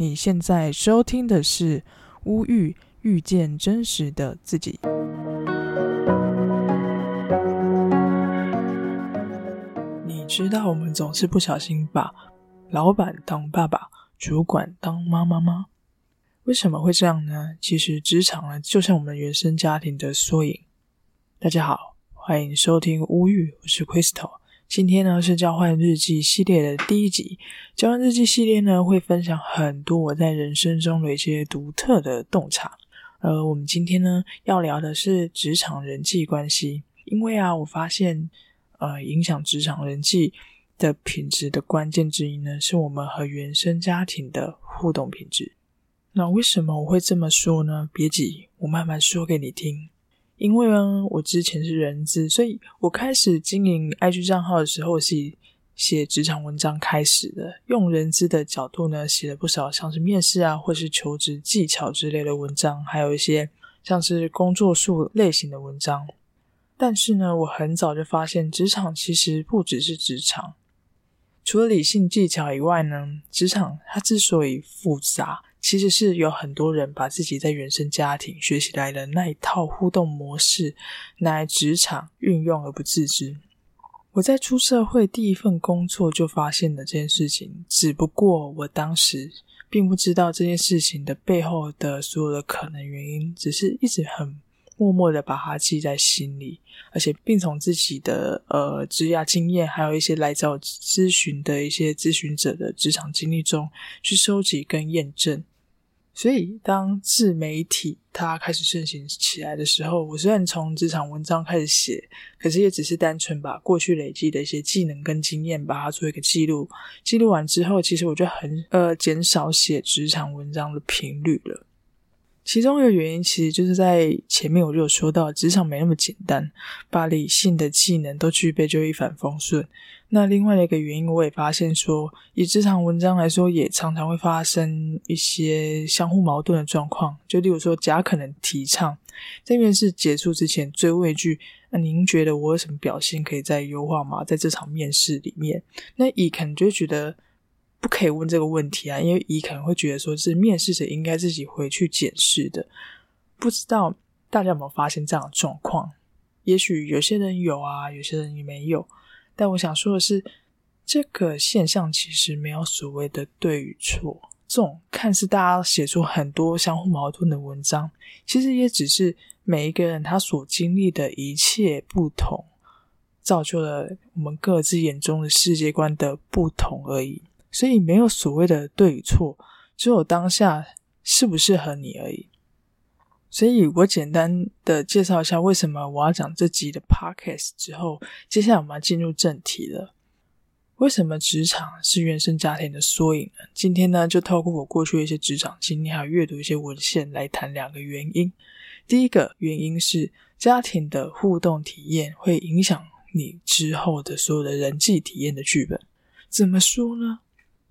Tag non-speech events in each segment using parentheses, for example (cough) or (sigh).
你現在收聽的是《巫語遇見真實的自己》。你知道我們總是不小心把老闆當爸爸，主管當媽媽嗎？為什麼會這樣呢？其實職場呢，就像我們原生家庭的縮影。大家好，歡迎收聽《巫語》，我是 Crystal。今天呢，是交換日記系列的第一集。交換日記系列呢會分享很多我在人生中的一些獨特的洞察。而我們今天呢要聊的是職場人際關係，因為啊我發現，呃，影響職場人際的品質的關鍵之一呢，是我們和原生家庭的互動品質。那為什麼我會這麼說呢？別急，我慢慢說給你聽。因為呢，我之前是人資，所以我開始經營 IG 賬號的時候是寫職場文章開始的。用人資的角度呢，寫了不少像是面試啊，或是求職技巧之類的文章，還有一些像是工作術類型的文章。但是呢，我很早就發現，職場其實不只是職場，除了理性技巧以外呢，職場它之所以複雜，其實是有很多人把自己在原生家庭學習來的那一套互動模式拿來職場運用而不自知。我在出社會第一份工作就發現了這件事情，只不過我當時並不知道這件事情的背後的所有的可能原因，只是一直很默默的把它記在心裡，而且並從自己的呃職業經驗，還有一些來找諮詢的一些諮詢者的職場經歷中去收集跟驗證。所以，當自媒體它開始盛行起來的時候，我雖然從職場文章開始寫，可是也只是單純把過去累積的一些技能跟經驗，把它做一個記錄。記錄完之後，其實我就很，呃，減少寫職場文章的頻率了。其中一個原因，其實就是在前面我就有說到，職場沒那麼簡單，把理性的技能都具備就一帆風順。那另外的一個原因，我也發現說，以職場文章來說，也常常會發生一些相互矛盾的狀況。就例如說，甲可能提倡，在面試結束之前最畏懼，那您覺得我有什麼表現可以再優化嗎？在這場面試裡面，那乙可能就會覺得。不可以問這個問題啊，因為乙可能會覺得說是面試者應該自己回去檢視的。不知道大家有沒有發現這樣的狀況？也許有些人有啊，有些人也沒有。但我想說的是，這個現象其實沒有所謂的對與錯。這種看似大家寫出很多相互矛盾的文章，其實也只是每一個人他所經歷的一切不同，造就了我們各自眼中的世界觀的不同而已。所以沒有所謂的對與錯，只有當下適不適合你而已。所以我簡單的介紹一下為什麼我要講這集的 podcast 之後，接下來我們要進入正題了。為什麼職場是原生家庭的縮影呢？今天呢，就透過我過去的一些職場經歷，還有閱讀一些文獻來談兩個原因。第一個原因是家庭的互動體驗會影響你之後的所有的人際體驗的劇本。怎麼說呢？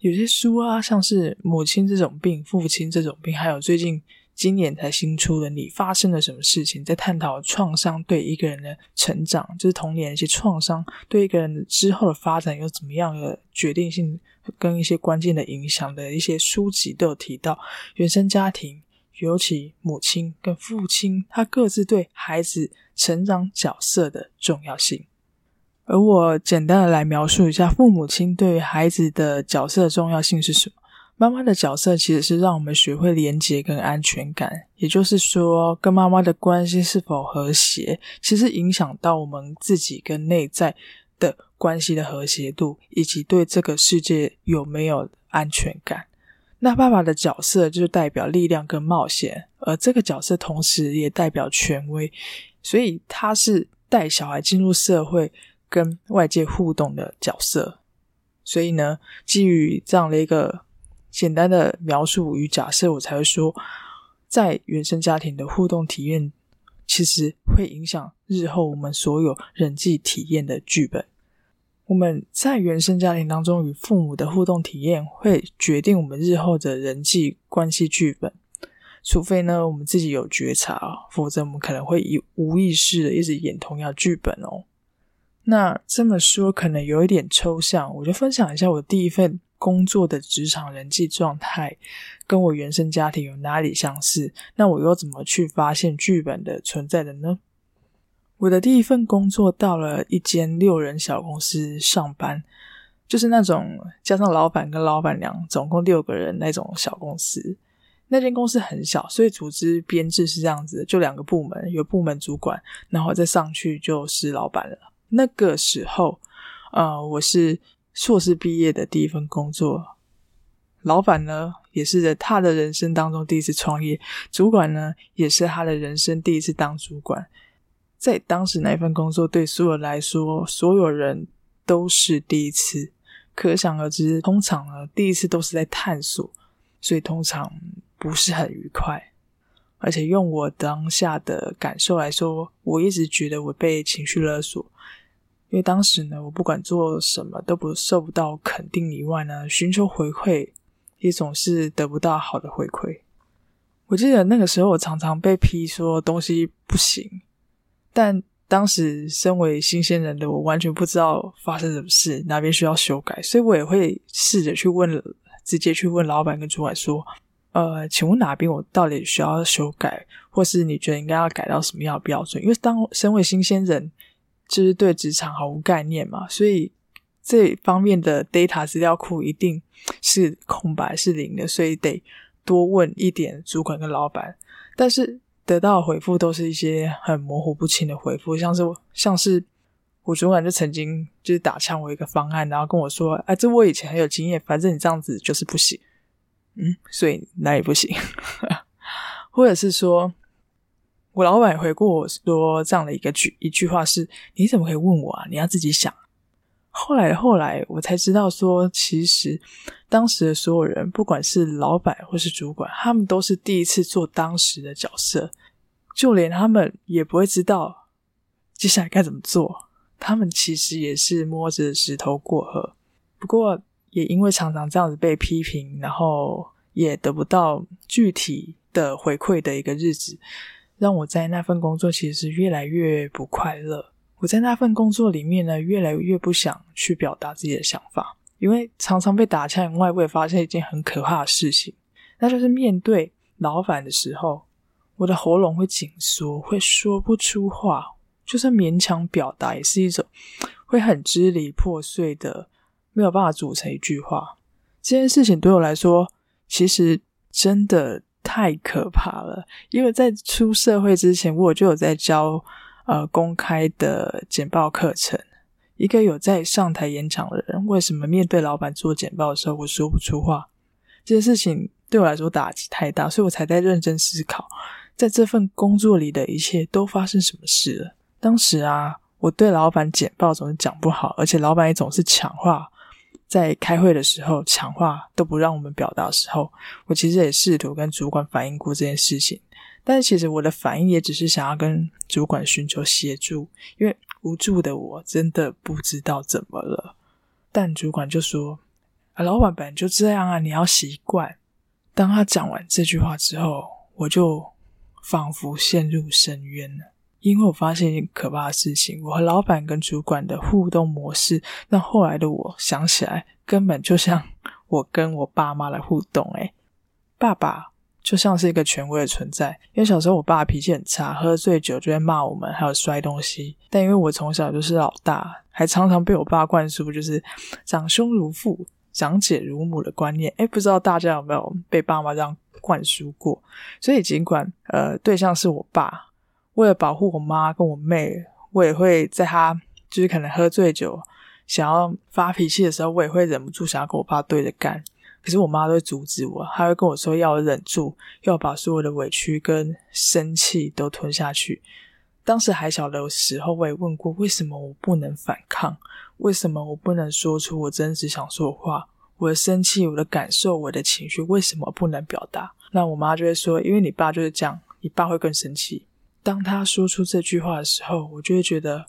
有些書啊，像是母親這種病、父親這種病，還有最近今年才新出的《你發生了什麼事情》，在探討創傷對一個人的成長，就是童年一些創傷對一個人之後的發展有怎麼樣的決定性跟一些關鍵的影響的一些書籍都有提到原生家庭，尤其母親跟父親他各自對孩子成長角色的重要性。而我簡單的來描述一下，父母親對於孩子的角色的重要性是什麼？媽媽的角色其實是讓我們學會連結跟安全感，也就是說，跟媽媽的關係是否和諧，其實影響到我們自己跟內在的關係的和諧度，以及對這個世界有沒有安全感。那爸爸的角色就代表力量跟冒險，而這個角色同時也代表權威，所以他是帶小孩進入社會。跟外界互動的角色，所以呢，基於這樣的一個簡單的描述與假設，我才會說，在原生家庭的互動體驗，其實會影響日後我們所有人際體驗的劇本。我們在原生家庭當中與父母的互動體驗，會決定我們日後的人際關係劇本。除非呢，我們自己有覺察，否則我們可能會以無意識的一直演同樣的劇本哦。那這麼說可能有一點抽象，我就分享一下我的第一份工作的職場人際狀態，跟我原生家庭有哪裡相似？那我又怎麼去發現劇本的存在的呢？我的第一份工作到了一間六人小公司上班，就是那種加上老闆跟老闆娘總共六個人那種小公司。那間公司很小，所以組織編制是這樣子，就兩個部門，有部門主管，然後再上去就是老闆了。那個時候，呃，我是碩士畢業的第一份工作，老闆呢也是在他的人生當中第一次創業，主管呢也是他的人生第一次當主管，在當時那一份工作對所有來說，所有人都是第一次，可想而知，通常呢第一次都是在探索，所以通常不是很愉快，而且用我當下的感受來說，我一直覺得我被情緒勒索，因為當時呢，我不管做什麼都不受不到肯定，以外呢，尋求回饋也總是得不到好的回饋。我記得那個時候，我常常被批說東西不行，但當時身為新鮮人的我，完全不知道發生什麼事，哪邊需要修改，所以我也會試着去問，直接去問老闆跟主管說。呃，請問哪邊我到底需要修改，或是你覺得應該要改到什麼樣的標準？因為當身為新鮮人，就是對職場毫無概念嘛，所以這方面的 data 資料庫一定是空白是零的，所以得多問一點主管跟老闆，但是得到的回復都是一些很模糊不清的回復，像是像是我主管就曾經就是打槍我一個方案，然後跟我說：“哎，這我以前很有經驗，反正你這樣子就是不行。”嗯，所以那也不行， (laughs) 或者是說我老板回過我說這樣的一個句一句話是：“你怎麼可以問我啊？你要自己想。”後來後來我才知道說，其實當時的所有人，不管是老板或是主管，他們都是第一次做當時的角色，就連他們也不會知道接下來該怎麼做。他們其實也是摸着石頭過河，不過。也因為常常這樣子被批評，然後也得不到具體的回饋的一個日子，讓我在那份工作其實是越來越不快樂。我在那份工作裡面呢，越來越不想去表達自己的想法，因為常常被打槍以外，我也發現一件很可怕的事情，那就是面對老板的時候，我的喉嚨會緊縮，會說不出話，就算勉強表達，也是一種會很支離破碎的。沒有辦法組成一句話，這件事情對我來說其實真的太可怕了。因為在出社會之前，我就有在教呃公開的簡報課程。一個有在上台演講的人，為什麼面對老闆做簡報的時候，我說不出話？這件事情對我來說打擊太大，所以我才在認真思考，在這份工作裡的一切都發生什麼事了。當時啊，我對老闆簡報總是講不好，而且老闆也總是搶話。在開會的時候，搶話都不讓我們表達的時候，我其實也試圖跟主管反映過這件事情，但是其實我的反應也只是想要跟主管尋求協助，因為無助的我真的不知道怎麼了。但主管就說：“啊，老闆本就這樣啊，你要習慣。”當他講完這句話之後，我就仿佛陷入深淵了。因為我發現一件可怕的事情，我和老闆跟主管的互動模式，讓後來的我想起來，根本就像我跟我爸媽的互動。哎，爸爸就像是一個權威的存在，因為小時候我爸脾氣很差，喝醉酒就會罵我們，還有摔東西。但因為我從小就是老大，還常常被我爸灌輸，就是“長兄如父，長姐如母”的觀念。哎，不知道大家有沒有被爸媽這樣灌輸過？所以儘管呃，對象是我爸。為了保護我媽跟我妹，我也會在她就是可能喝醉酒想要發脾氣的時候，我也會忍不住想要跟我爸對着幹。可是我媽都會阻止我，她會跟我說要我忍住，要把所有的委屈跟生氣都吞下去。當時還小的時候，我也問過為什麼我不能反抗，為什麼我不能說出我真實想說的話，我的生氣，我的感受，我的情緒，為什麼不能表達？那我媽就會說，因為你爸就是這樣，你爸會更生氣。當他說出這句話的時候，我就會覺得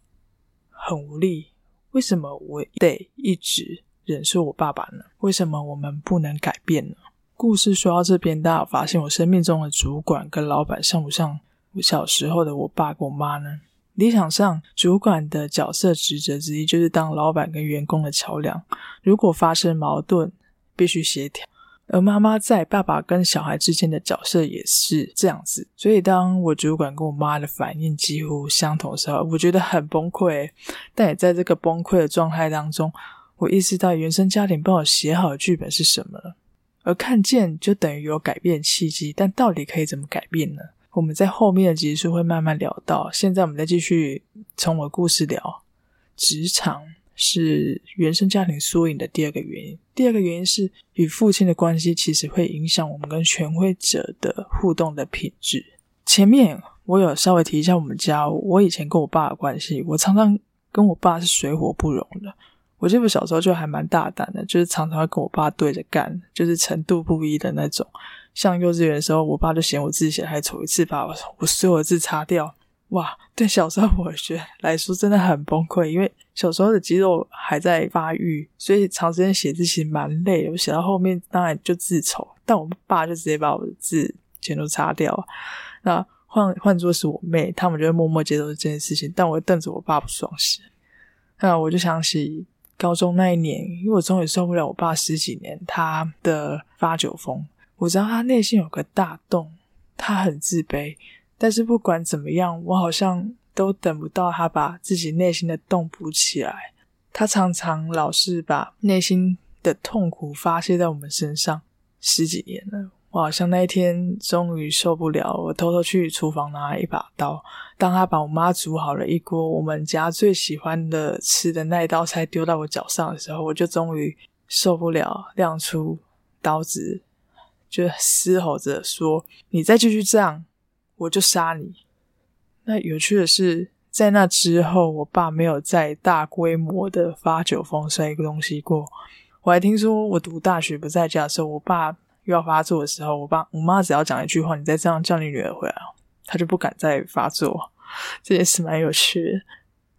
很無力。為什麼我得一直忍受我爸爸呢？為什麼我們不能改變呢？故事說到這邊，大家有發現我生命中的主管跟老闆像不像我小時候的我爸跟我媽呢？理想上，主管的角色職責之一就是當老闆跟員工的橋樑。如果發生矛盾，必須協調。而媽媽在爸爸跟小孩之間的角色也是這樣子，所以當我主管跟我媽的反應幾乎相同的時候，我覺得很崩潰。但也在這個崩潰的狀態當中，我意識到原生家庭幫我寫好的劇本是什麼了。而看見就等於有改變契機，但到底可以怎麼改變呢？我們在後面的集數會慢慢聊到。現在我們再繼續從我的故事聊職場。是原生家庭縮影的第二個原因。第二個原因是，與父親的關係其實會影響我們跟權威者的互動的品質。前面我有稍微提一下我們家，我以前跟我爸的關係，我常常跟我爸是水火不容的。我記得我小時候就還蠻大膽的，就是常常會跟我爸對着幹，就是程度不一的那種。像幼稚園的時候，我爸就嫌我自己寫的太醜，一次把我我所有的字擦掉。哇，對小時候我覺得來說真的很崩潰，因為小時候的肌肉還在發育，所以長時間寫字其實蠻累的。我寫到後面當然就字醜，但我爸就直接把我的字全都擦掉了。那換換作是我妹，他們就會默默接受這件事情，但我會瞪着我爸不爽氣。那我就想起高中那一年，因為我終於受不了我爸十幾年他的發酒瘋。我知道他內心有個大洞，他很自卑。但是不管怎麼樣，我好像都等不到他把自己內心的洞補起來。他常常老是把內心的痛苦發洩在我們身上。十幾年了，我好像那一天終於受不了。我偷偷去廚房拿了一把刀。當他把我媽煮好了一鍋我們家最喜歡的吃的那一道菜丟到我腳上的時候，我就終於受不了，亮出刀子，就嘶吼着說：“你再繼續這樣！”我就殺你。那有趣的是，在那之後，我爸沒有再大規模的發酒瘋摔一個東西過。我還聽說，我讀大學不在家的時候，我爸又要發作的時候，我爸我媽只要講一句話：“你再這樣叫你女兒回來，她就不敢再發作。”這也是蠻有趣的。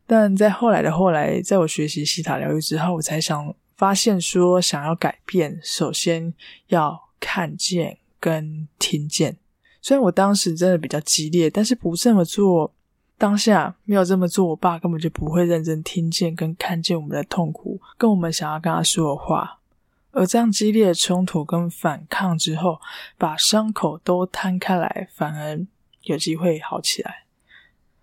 但在後來的後來，在我學習西塔療癒之後，我才想發現說，想要改變，首先要看見跟聽見。雖然我當時真的比較激烈，但是不這麼做，當下沒有這麼做，我爸根本就不會認真聽見跟看見我們的痛苦，跟我們想要跟他說的話。而這樣激烈的衝突跟反抗之後，把傷口都攤開來，反而有機會好起來。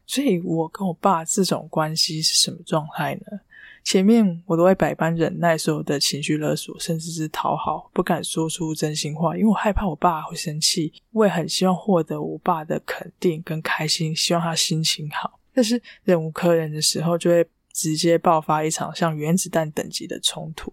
所以我跟我爸這種關係是什麼狀態呢？前面我都會百般忍耐，所有的情緒勒索，甚至是討好，不敢說出真心話，因為我害怕我爸會生氣。我也很希望獲得我爸的肯定跟開心，希望他心情好。但是忍無可忍的時候，就會直接爆發一場像原子彈等級的衝突。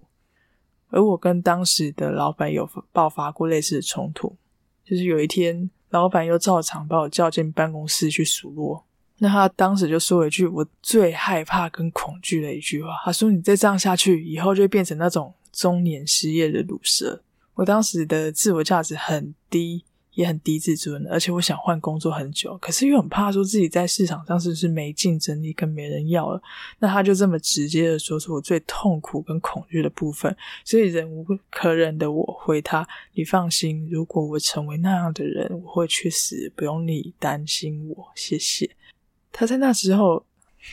而我跟當時的老闆有爆發過類似的衝突，就是有一天，老闆又照常把我叫進辦公室去數落。那他當時就說了一句我最害怕跟恐懼的一句話，他說：“你再這樣下去，以後就會變成那種中年失業的 l 蛇。我當時的自我價值很低，也很低自尊，而且我想換工作很久，可是又很怕說自己在市場上是不是沒競爭力，跟沒人要了。那他就這麼直接的說，是我最痛苦跟恐懼的部分。所以忍無可忍的我回他：“你放心，如果我成為那樣的人，我會去死，不用你擔心我，謝謝。”他在那時候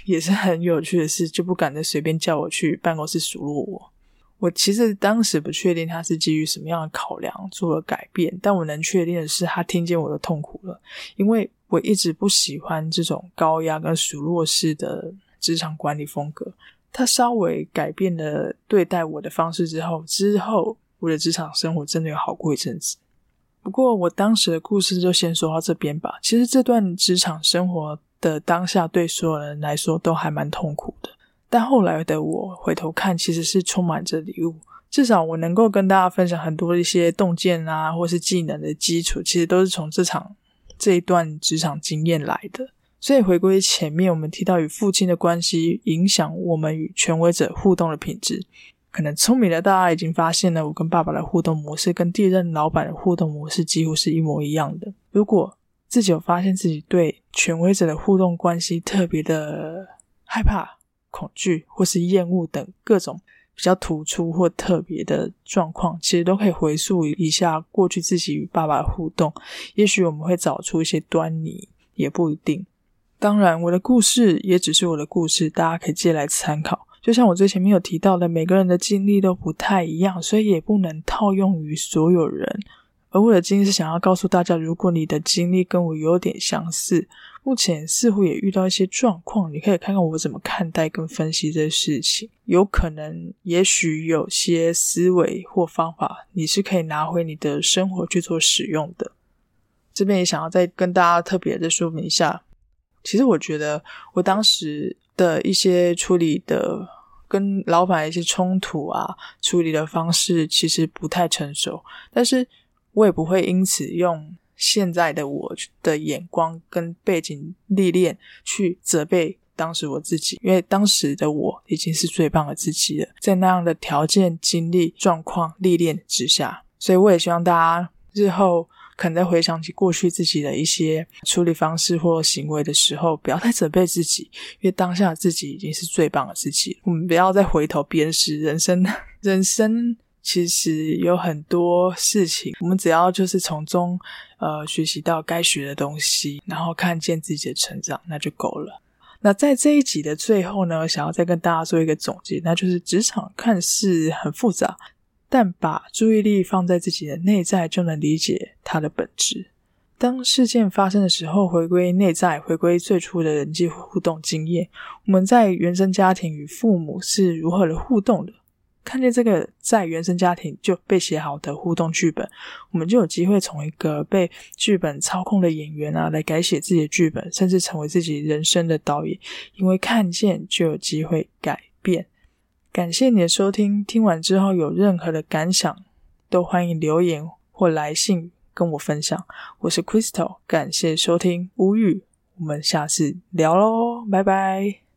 也是很有趣的事，就不敢再隨便叫我去辦公室數落我。我其實當時不確定他是基於什麼樣的考量做了改變，但我能確定的是，他聽見我的痛苦了，因為我一直不喜歡這種高壓跟數落式的職場管理風格。他稍微改變了對待我的方式之後，之後我的職場生活真的有好過一陣子。不過我當時的故事就先說到這邊吧，其實這段職場生活的當下，對所有人來說都還蠻痛苦的。但後來的我回頭看，其實是充滿着禮物。至少我能夠跟大家分享很多一些洞見啊，或是技能的基礎，其實都是從這場這一段職場經驗來的。所以回歸前面，我們提到與父親的關係影響我們與權威者互動的品質，可能聰明的大家已經發現了，我跟爸爸的互動模式跟第一任老闆的互動模式幾乎是一模一樣的。如果自己有發現自己對權威者的互動關係特別的害怕、恐懼或是厭惡等各種比較突出或特別的狀況，其實都可以回溯一下過去自己與爸爸的互動，也許我們會找出一些端倪，也不一定。當然，我的故事也只是我的故事，大家可以借來參考。就像我最前面有提到的，每個人的經歷都不太一樣，所以也不能套用於所有人。而我的經歷是想要告訴大家，如果你的經歷跟我有點相似，目前似乎也遇到一些狀況，你可以看看我怎麼看待跟分析這事情，有可能、也許有些思維或方法，你是可以拿回你的生活去做使用的。這邊也想要再跟大家特別的說明一下，其實我覺得我當時的一些處理的跟老闆一些衝突啊，處理的方式其實不太成熟，但是，我也不會因此用現在的我的眼光跟背景歷練去責備當時我自己，因為當時的我已經是最棒的自己了，在那樣的條件、經歷、狀況、歷練之下，所以我也希望大家日後可能在回想起過去自己的一些處理方式或行為的時候，不要太責備自己，因為當下的自己已經是最棒的自己，我們不要再回頭鞭屍人生，人生。其實有很多事情，我們只要就是從中，呃，學習到該學的東西，然後看見自己的成長，那就夠了。那在這一集的最後呢，我想要再跟大家做一個總結，那就是職場看似很複雜，但把注意力放在自己的內在，就能理解它的本質。當事件發生的時候，回歸內在，回歸最初的人際互動經驗，我們在原生家庭與父母是如何的互動的？看見這個在原生家庭就被寫好的互動劇本，我們就有機會從一個被劇本操控的演員啊，來改寫自己的劇本，甚至成為自己人生的導演。因為看見就有機會改變。感謝你的收聽，聽完之後有任何的感想，都歡迎留言或來信跟我分享。我是 Crystal，感謝收聽，無語，我們下次聊嘍，拜拜。